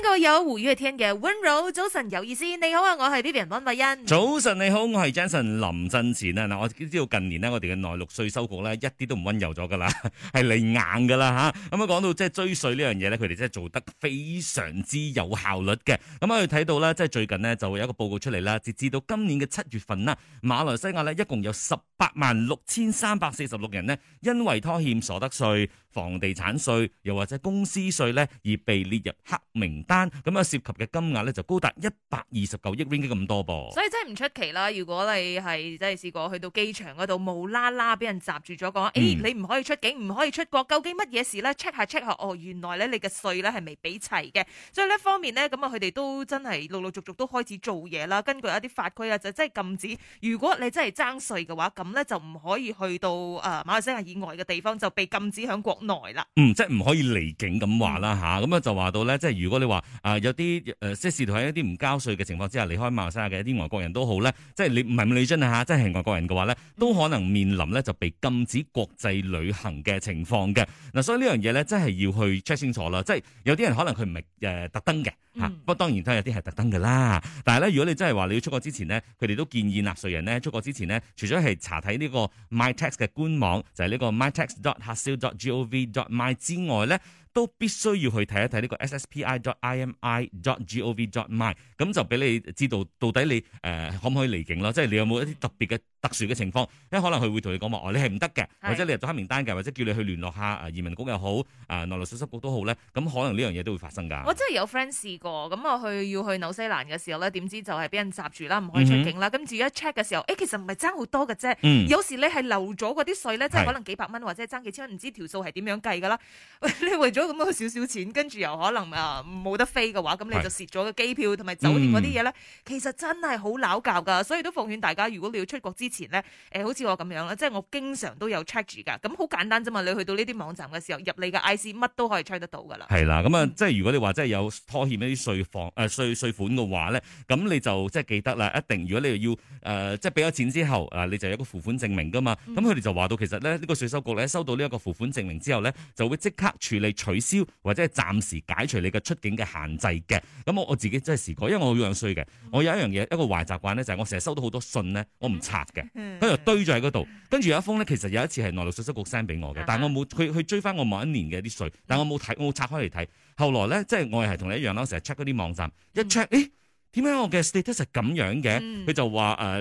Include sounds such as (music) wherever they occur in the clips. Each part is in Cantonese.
聽個有胡語天嘅 w 柔，早晨有意思，你好啊，我係 Libian 溫柏恩。早晨你好，我係 Jason 林振前啊！嗱，我知道近年呢，我哋嘅內陸稅收局咧一啲都唔溫柔咗噶啦，係 (laughs) 嚟硬噶啦吓。咁啊，講到即係追稅呢樣嘢咧，佢哋真係做得非常之有效率嘅。咁我哋睇到咧，即係最近呢，就會有一個報告出嚟啦，截至到今年嘅七月份啦，馬來西亞呢，一共有十八萬六千三百四十六人呢，因為拖欠所得稅，房地產稅又或者公司稅咧，而被列入黑名單，咁啊涉及嘅金額咧就高達一百二十九億 ringgit 咁多噃。所以真係唔出奇啦。如果你係真係試過去到機場嗰度無啦啦俾人閘住咗，講誒、嗯欸、你唔可以出境，唔可以出國。究竟乜嘢事咧？check 下 check 下，哦原來咧你嘅稅咧係未俾齊嘅。所以呢方面呢，咁啊佢哋都真係陸陸續續都開始做嘢啦。根據一啲法規啊，就真、是、係禁止如果你真係爭稅嘅話，咁咧就唔可以去到誒馬來西亞以外嘅地方，就被禁止響國。耐啦，嗯，即係唔可以離境，咁話啦吓。咁啊就話到咧，即係如果你話啊、呃、有啲誒，即係試圖喺一啲唔交稅嘅情況之下離開馬來西亞嘅一啲外國人都好咧，即係你唔係唔係嚟津吓，啊，即係外國人嘅話咧，都可能面臨咧就被禁止國際旅行嘅情況嘅。嗱，啊，所以樣呢樣嘢咧，真係要去 check 清楚啦，即係有啲人可能佢唔係誒特登嘅吓，不，呃、過、啊、當然都有啲係特登嘅啦。但係咧，如果你真係話你要出國之前呢，佢哋都建議納稅人咧出國之前呢，除咗係查睇呢個 MyTax 嘅官網，就係、是、呢個 MyTax dot do V dot my 之外咧，都必須要去睇一睇呢個 SSPI dot IMI dot GOV dot my，咁就俾你知道到底你誒、呃、可唔可以離境咯？即係你有冇一啲特別嘅？特殊嘅情況，可能佢會同你講話、哦，你係唔得嘅，是或者你入咗黑名單嘅，或者叫你去聯絡下移民局又好，啊、呃、內陸稅收局都好咧，咁、嗯、可能呢樣嘢都會發生㗎。我真係有 friend 試過，咁、嗯、我去要去紐西蘭嘅時候咧，點知就係俾人閘住啦，唔可以出境啦。咁至於一 check 嘅時候，欸、其實唔係爭好多嘅啫，嗯、有時你係留咗嗰啲稅咧，即係可能幾百蚊或者爭幾千蚊，唔知條數係點樣計㗎啦。 (laughs) 你為咗咁多少少錢，跟住又可能冇、啊、得飛嘅話，咁你就蝕咗個機票同埋酒店嗰啲嘢咧，嗯、其實真係好撈教㗎。所以都奉勸大家，如果你要出國之嗯前咧，誒、呃、好似我咁樣啦，即係我經常都有 check 住㗎，咁好簡單啫嘛。你去到呢啲網站嘅時候，入你嘅 IC 乜都可以 check 得到㗎啦。係啦，咁、嗯、啊，即係、嗯、如果你話真係有拖欠啲稅房誒稅稅款嘅話咧，咁你就即係記得啦，一定如果你要誒、呃、即係俾咗錢之後啊，你就有一個付款證明㗎嘛。咁佢哋就話到其實咧，呢、呢個稅收局咧收到呢一個付款證明之後咧，就會即刻處理取消或者係暫時解除你嘅出境嘅限制嘅。咁我我自己真係試過，因為我好樣衰嘅，我有一樣嘢、嗯、一個壞習慣咧，就係、是、我成日收到好多信咧，我唔拆嘅。佢住堆咗喺嗰度，跟住有一封咧，其實有一次係內陸稅收局 send 俾我嘅，但我冇，佢佢追翻我某一年嘅啲稅，但我冇睇，我冇拆開嚟睇。後來咧，即係我又係同你一樣啦，成日 check 嗰啲網站，一 check，誒，點解我嘅 status 咁樣嘅？佢、嗯、就話誒，唔、呃、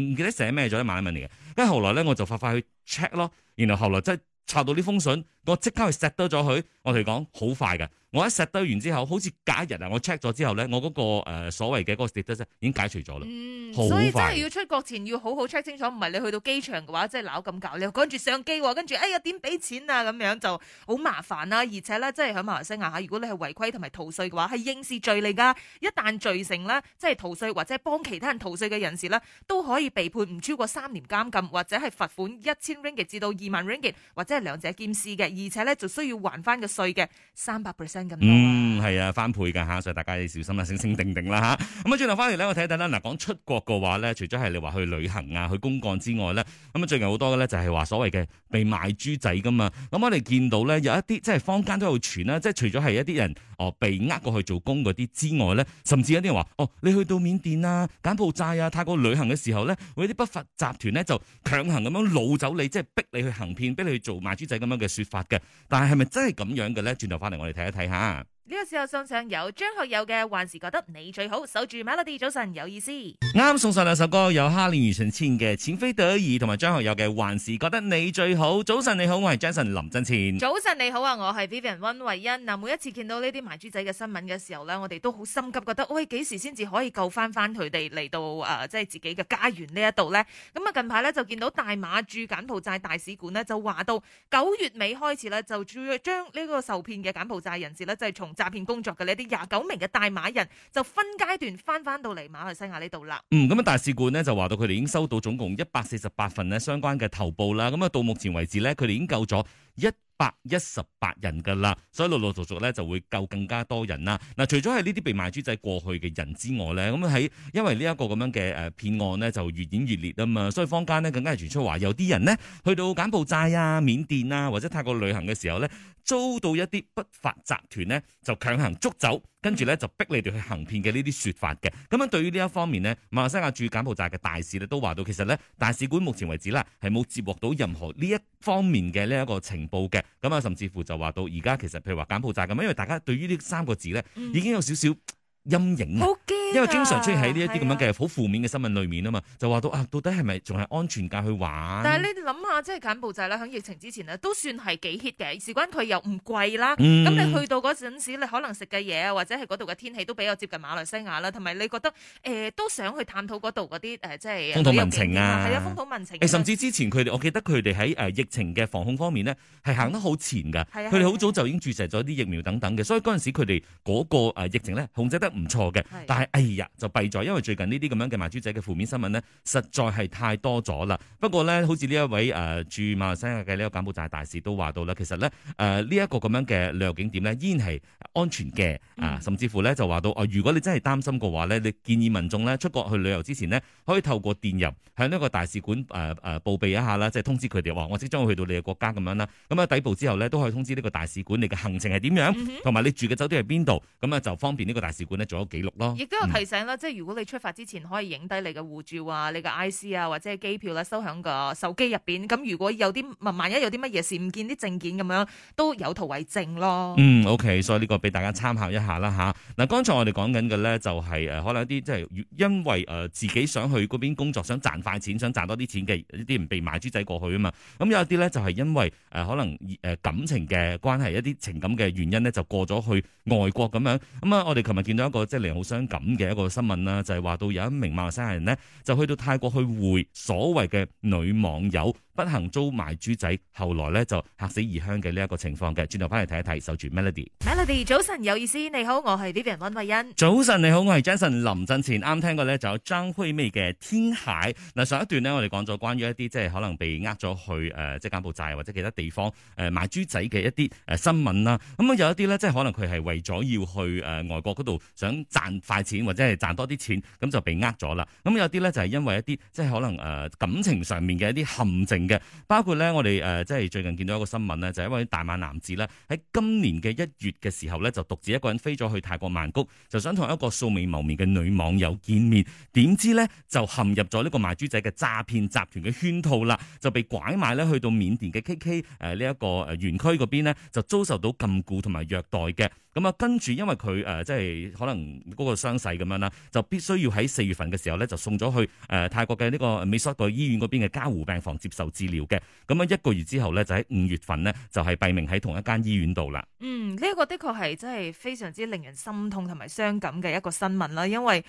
唔記得寫咩咗咧，某一嚟嘅。跟住後來咧，我就快快去 check 咯，然後後來即係拆到呢封信。我即刻去 set 咗佢，我哋講好快㗎。我一 set 完之後，好似隔一日啊，我 check 咗之後咧，我嗰、那個誒、呃、所謂嘅嗰個跌得啫，已經解除咗啦、嗯。所以真係要出國前要好好 check 清楚，唔係你去到機場嘅話，真係鬧咁搞，你又趕住上機，跟住哎呀點俾錢啊咁樣就好麻煩啦、啊。而且咧，即係喺馬來西亞吓，如果你係違規同埋逃稅嘅話，係刑事罪嚟噶。一旦罪成咧，即係逃稅或者係幫其他人逃稅嘅人士咧，都可以被判唔超過三年監禁或者係罰款一千 ringgit 至到二萬 ringgit，或者係兩者兼施嘅。而且咧就需要還翻個稅嘅三百 percent 咁。嗯，係啊，翻倍㗎吓，所以大家要小心啦，醒醒定定啦吓。咁啊，轉頭翻嚟咧，我睇睇啦。嗱，講出國嘅話咧，除咗係你話去旅行啊、去公幹之外咧，咁啊最近好多嘅咧就係話所謂嘅被賣豬仔㗎嘛。咁我哋見到咧有一啲即係坊間都有傳啦，即係除咗係一啲人哦被呃過去做工嗰啲之外咧，甚至有啲人話哦，你去到緬甸啊、柬埔寨啊、泰國旅行嘅時候咧，會有啲不法集團咧就強行咁樣擄走你，即係逼你去行騙，逼你去做賣豬仔咁樣嘅說法。嘅，但係係咪真係咁樣嘅咧？轉頭翻嚟，我哋睇一睇吓。呢個時候送上有張學友嘅《還是覺得你最好》，守住 Melody 早晨有意思。啱送上兩首歌，有哈林庾澄慶嘅《情非得已》同埋張學友嘅《還是覺得你最好》。早晨你好，我係 Jason 林振錢。早晨你好啊，我係 Vivian 溫慧欣。嗱，每一次見到呢啲賣豬仔嘅新聞嘅時候呢，我哋都好心急，覺得喂幾時先至可以救翻翻佢哋嚟到誒，即係自己嘅家園呢一度呢。咁啊，近排呢，就見到大馬駐柬埔寨大使館呢，就話到九月尾開始呢，就將呢個受騙嘅柬埔寨人士呢，就係從。詐騙工作嘅呢啲廿九名嘅大馬人就分階段翻翻到嚟馬來西亞呢度啦。嗯，咁啊，大使館呢就話到佢哋已經收到總共一百四十八份咧相關嘅投報啦。咁、嗯、啊，到目前為止咧，佢哋已經救咗一。百一十八人噶啦，所以陸陸續續咧就會救更加多人啦。嗱，除咗係呢啲被賣豬仔過去嘅人之外咧，咁喺因為這這、呃、呢一個咁樣嘅誒騙案咧就越演越烈啊嘛，所以坊間咧更加係傳出話，有啲人呢去到柬埔寨啊、緬甸啊或者泰國旅行嘅時候咧，遭到一啲不法集團咧就強行捉走。跟住咧就逼你哋去行騙嘅呢啲說法嘅，咁樣對於呢一方面呢，馬來西亞駐柬柬埔寨嘅大使咧都話到，其實咧大使館目前為止咧係冇接獲到任何呢一方面嘅呢一個情報嘅，咁啊甚至乎就話到而家其實譬如話柬埔寨咁，因為大家對於呢三個字咧已經有少少陰影。因為經常出現喺呢一啲咁樣嘅好負面嘅新聞裏面啊嘛，就話到啊，到底係咪仲係安全㗎去玩？但係你諗下，即係柬埔寨啦，喺疫情之前咧，都算係幾 hit 嘅。事關佢又唔貴啦，咁、嗯、你去到嗰陣時，你可能食嘅嘢啊，或者係嗰度嘅天氣都比較接近馬來西亞啦，同埋你覺得誒、呃、都想去探討嗰度嗰啲誒即係風土民情啊，係啊、嗯，風土民情。甚至之前佢哋，我記得佢哋喺誒疫情嘅防控方面呢，係行得好前㗎。佢哋好早就已經注射咗啲疫苗等等嘅，所以嗰陣時佢哋嗰個疫情咧控制得唔錯嘅。但係哎、就閉咗，因為最近呢啲咁樣嘅賣豬仔嘅負面新聞呢，實在係太多咗啦。不過呢，好似呢一位誒、呃、駐馬來西亞嘅呢個柬埔寨大使都話到啦，其實呢，誒呢一個咁樣嘅旅遊景點呢，依然係安全嘅啊，甚至乎呢，就話到、呃、如果你真係擔心嘅話呢，你建議民眾呢，出國去旅遊之前呢，可以透過電郵向呢個大使館誒誒報備一下啦，即係通知佢哋話我即將會去到你嘅國家咁樣啦。咁啊抵埗之後呢，都可以通知呢個大使館你嘅行程係點樣，同埋你住嘅酒店係邊度，咁啊就方便呢個大使館呢做一個記錄咯。提醒啦，即係如果你出發之前可以影低你嘅護照啊、你嘅 IC 啊或者係機票啦、啊，收響個手機入邊。咁如果有啲，萬一有啲乜嘢事，唔見啲證件咁樣，都有圖為證咯。嗯，OK，所以呢個俾大家參考一下啦吓。嗱、啊，剛才我哋講緊嘅咧就係誒，可能一啲即係因為誒自己想去嗰邊工作，想賺快錢，想賺多啲錢嘅一啲唔被買豬仔過去啊嘛。咁、嗯、有一啲咧就係因為誒、呃、可能誒感情嘅關係，一啲情感嘅原因咧就過咗去外國咁樣。咁、嗯、啊，我哋琴日見到一個即係令人好傷感。嘅一個新聞啦，就係話到有一名馬來西亞人咧，就去到泰國去會所謂嘅女網友。不幸遭賣豬仔，後來咧就嚇死異鄉嘅呢一個情況嘅。轉頭翻嚟睇一睇，守住 Melody。Melody，早晨有意思，你好，我係 Vivian 温慧欣。早晨你好，我係 Jason 林振前。啱聽過咧，就有張惠妹嘅《天蟹》。嗱，上一段呢，我哋講咗關於一啲即係可能被呃咗去誒即係柬埔寨或者其他地方誒賣、呃、豬仔嘅一啲誒、呃、新聞啦。咁啊有一啲咧，即係可能佢係為咗要去誒、呃、外國嗰度想賺快錢或者係賺多啲錢，咁就被呃咗啦。咁有啲咧就係因為一啲即係可能誒感情上面嘅一啲陷阱。嘅包括咧，我哋誒即係最近見到一個新聞呢，就係、是、一位大馬男子呢，喺今年嘅一月嘅時候呢，就獨自一個人飛咗去泰國曼谷，就想同一個素未謀面嘅女網友見面，點知呢，就陷入咗呢個賣豬仔嘅詐騙集團嘅圈套啦，就被拐賣呢去到緬甸嘅 K K 誒呢一個誒園區嗰邊咧，就遭受到禁錮同埋虐待嘅。咁啊，跟住因為佢誒、呃、即係可能嗰個傷勢咁樣啦，就必須要喺四月份嘅時候呢，就送咗去誒泰國嘅呢個美索度醫院嗰邊嘅加護病房接受治療嘅咁樣一個月之後咧，就喺五月份咧就係斃命喺同一間醫院度啦。嗯，呢個的確係真係非常之令人心痛同埋傷感嘅一個新聞啦，因為。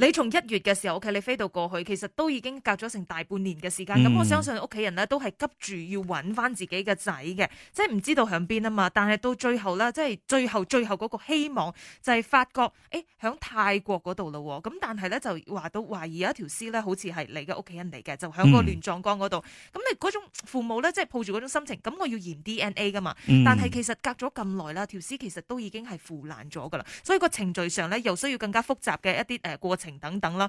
你從一月嘅時候，OK，你飛到過去，其實都已經隔咗成大半年嘅時間。咁、嗯、我相信屋企人咧都係急住要揾返自己嘅仔嘅，即係唔知道響邊啊嘛。但係到最後啦，即係最後最後嗰個希望就係、是、發覺，誒、欸、響泰國嗰度咯。咁但係咧就話到懷疑有一條屍咧，好似係你嘅屋企人嚟嘅，就響個亂葬崗嗰度。咁、嗯、你嗰種父母咧，即係抱住嗰種心情，咁我要驗 DNA 㗎嘛。嗯、但係其實隔咗咁耐啦，條屍其實都已經係腐爛咗㗎喇，所以個程序上咧又需要更加複雜嘅一啲誒過程。等等啦，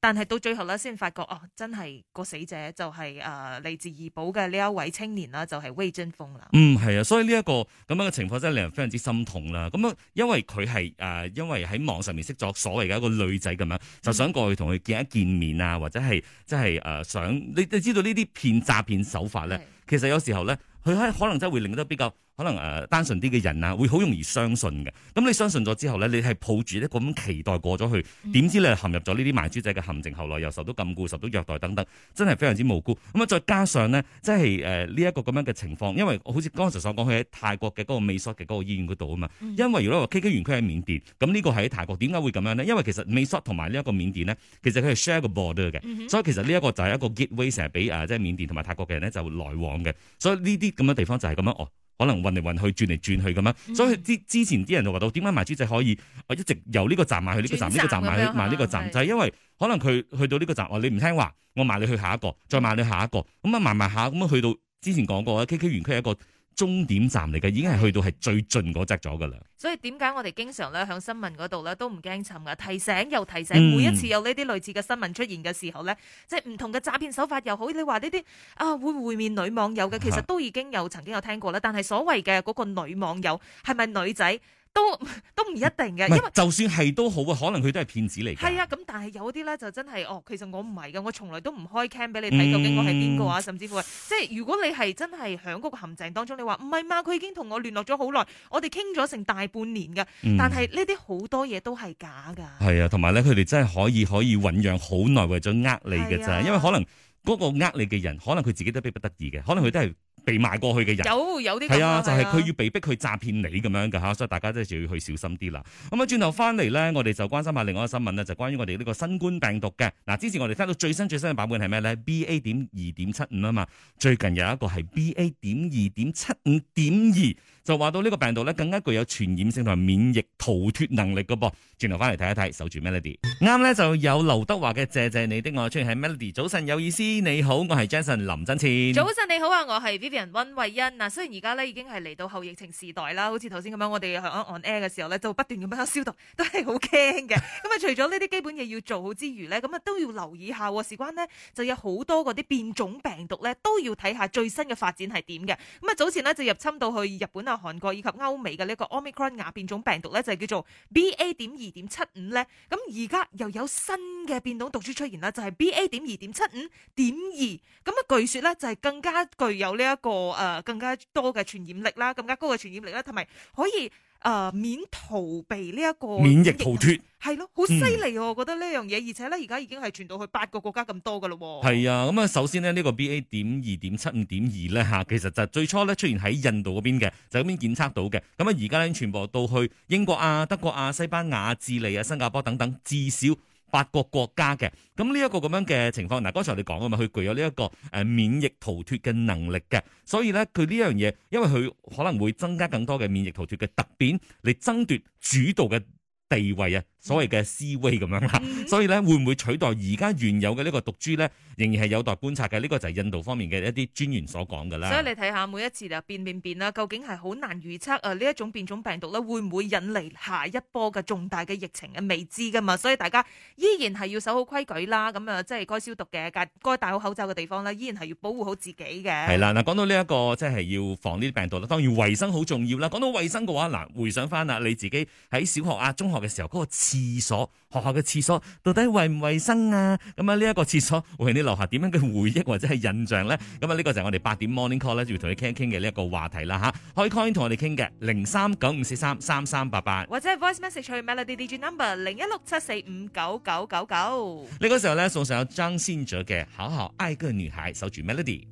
但係到最後咧，先發覺哦，真係個死者就係誒嚟自怡寶嘅呢一位青年啦，就係威尊峰啦。嗯，係啊，所以呢、這、一個咁樣嘅情況真係令人非常之心痛啦。咁樣因為佢係誒因為喺網上面識咗所謂嘅一個女仔咁樣，嗯、就想過去同佢見一見面啊，或者係即係誒想你你知道呢啲騙詐騙手法咧，的其實有時候咧，佢喺可能真係會令到比較。可能誒、呃、單純啲嘅人啊，會好容易相信嘅。咁、嗯、你相信咗之後咧，你係抱住一個咁期待過咗去，點知你係陷入咗呢啲賣豬仔嘅陷阱，後來又受到禁錮、受到虐待等等，真係非常之無辜。咁、嗯、啊，再加上咧，即係誒呢一個咁樣嘅情況，因為好似剛才所講，佢喺泰國嘅嗰個美索嘅嗰個醫院嗰度啊嘛。因為如果話 KK 園區喺緬甸，咁呢個喺泰國，點解會咁樣呢？因為其實美索同埋呢一個緬甸呢，其實佢係 share 個 border 嘅，嗯、哼所以其實呢一個就係一個 gateway 成日俾誒、啊、即係緬甸同埋泰國嘅人咧就會來往嘅，所以呢啲咁樣地方就係咁樣哦。哦可能運嚟運去，轉嚟轉去咁樣，嗯、所以啲之前啲人就話到，點解賣豬仔可以？啊一直由呢個站賣去呢個站，呢個站賣去賣呢個站，吧就係因為可能佢去到呢個站，話你唔聽話，我賣你去下一個，再賣你下一個，咁啊賣賣下，咁啊去到之前講過啊，KK 園區係一個。終點站嚟嘅，已經係去到係最盡嗰隻咗㗎啦。所以點解我哋經常咧喺新聞嗰度咧都唔驚尋㗎？提醒又提醒，嗯、每一次有呢啲類似嘅新聞出現嘅時候咧，嗯、即係唔同嘅詐騙手法又好，你話呢啲啊會會面女網友嘅，其實都已經有曾經有聽過啦。但係所謂嘅嗰個女網友係咪女仔？都都唔一定嘅，因為就算係都好啊，可能佢都係騙子嚟嘅。係啊，咁但係有啲咧就真係，哦，其實我唔係嘅，我從來都唔開 cam 俾你睇，究竟我係邊個啊？嗯、甚至乎，即係如果你係真係響嗰個陷阱當中，你話唔係嘛？佢已經同我聯絡咗好耐，我哋傾咗成大半年噶，但係呢啲好多嘢都係假噶。係、嗯、啊，同埋咧，佢哋真係可以可以醞釀好耐為咗呃你嘅咋，啊、因為可能嗰個呃你嘅人，可能佢自己都逼不得已嘅，可能佢都係。被賣過去嘅人有有啲係啊，就係、是、佢要被逼去詐騙你咁樣嘅吓，所以大家真係就要去小心啲啦。咁啊，轉頭翻嚟咧，我哋就關心下另外一個新聞咧，就關於我哋呢個新冠病毒嘅。嗱，之前我哋聽到最新最新嘅版本係咩咧？B A 點二點七五啊嘛，75, 最近有一個係 B A 點二點七五點二。就話到呢個病毒咧，更加具有傳染性同埋免疫逃脫能力㗎噃。轉頭翻嚟睇一睇，守住 Melody。啱咧，就有劉德華嘅謝謝你的愛，出現係 Melody。早晨有意思，你好，我係 Jason 林振前。早晨你好啊，我係 Vivian 溫慧欣。嗱，雖然而家咧已經係嚟到後疫情時代啦，好似頭先咁樣，我哋喺 on air 嘅時候呢，就不斷咁樣消毒，都係好驚嘅。咁啊，除咗呢啲基本嘢要做好之餘呢，咁啊都要留意下，事關呢，就有好多嗰啲變種病毒呢，都要睇下最新嘅發展係點嘅。咁啊，早前呢，就入侵到去日本韓國以及歐美嘅呢個 Omicron 亞變種病毒咧，就叫做 BA. 點二點七五咧，咁而家又有新嘅變種毒株出現啦，就係、是、BA. 點二點七五點二，咁啊，據說咧就係、是、更加具有呢、這、一個誒、呃、更加多嘅傳染力啦，更加高嘅傳染力啦，同埋可以。啊、呃，免逃避呢一個免疫，免疫逃脫係咯，好犀利喎！嗯、我覺得呢樣嘢，而且咧而家已經係傳到去八個國家咁多㗎喇喎。係啊、嗯，咁啊首先呢，這個、BA. 2. 2呢個 B A 點二點七五點二咧嚇，其實就最初咧出現喺印度嗰邊嘅，就咁邊檢測到嘅。咁啊而家咧傳播到去英國啊、德國啊、西班牙、智利啊、新加坡等等，至少，八個國、國家嘅，咁呢一個咁樣嘅情況，嗱，剛才我哋講啊嘛，佢具有呢一個誒免疫逃脫嘅能力嘅，所以咧佢呢樣嘢，因為佢可能會增加更多嘅免疫逃脫嘅特點，嚟爭奪主導嘅地位啊。所謂嘅思威咁樣啦、嗯，所以咧會唔會取代而家原有嘅呢個毒株咧，仍然係有待觀察嘅。呢、這個就係印度方面嘅一啲專員所講㗎啦。所以你睇下每一次就變變變啦，究竟係好難預測啊！呢一種變種病毒咧，會唔會引嚟下一波嘅重大嘅疫情嘅未知噶嘛？所以大家依然係要守好規矩啦，咁啊即係該消毒嘅，該戴好口罩嘅地方咧，依然係要保護好自己嘅。係啦，嗱、啊、講到呢、這、一個即係、就是、要防呢啲病毒啦，當然衞生好重要啦。講到衞生嘅話，嗱、啊、回想翻啊，你自己喺小學啊、中學嘅時候嗰、那個。廁所，學校嘅廁所到底衛唔衛生啊？咁啊，呢一個廁所，會令你留下點樣嘅回憶或者係印象咧？咁啊，呢個就係我哋八點 Morning Call 咧，要同你傾一傾嘅呢一個話題啦吓、啊。可以 call 同我哋傾嘅零三九五四三三三八八，或者係 Voice Message 去 Melody Digital Number 零一六七四五九九九九。呢個時候咧，送上張信哲嘅好好愛個女孩，守住 Melody。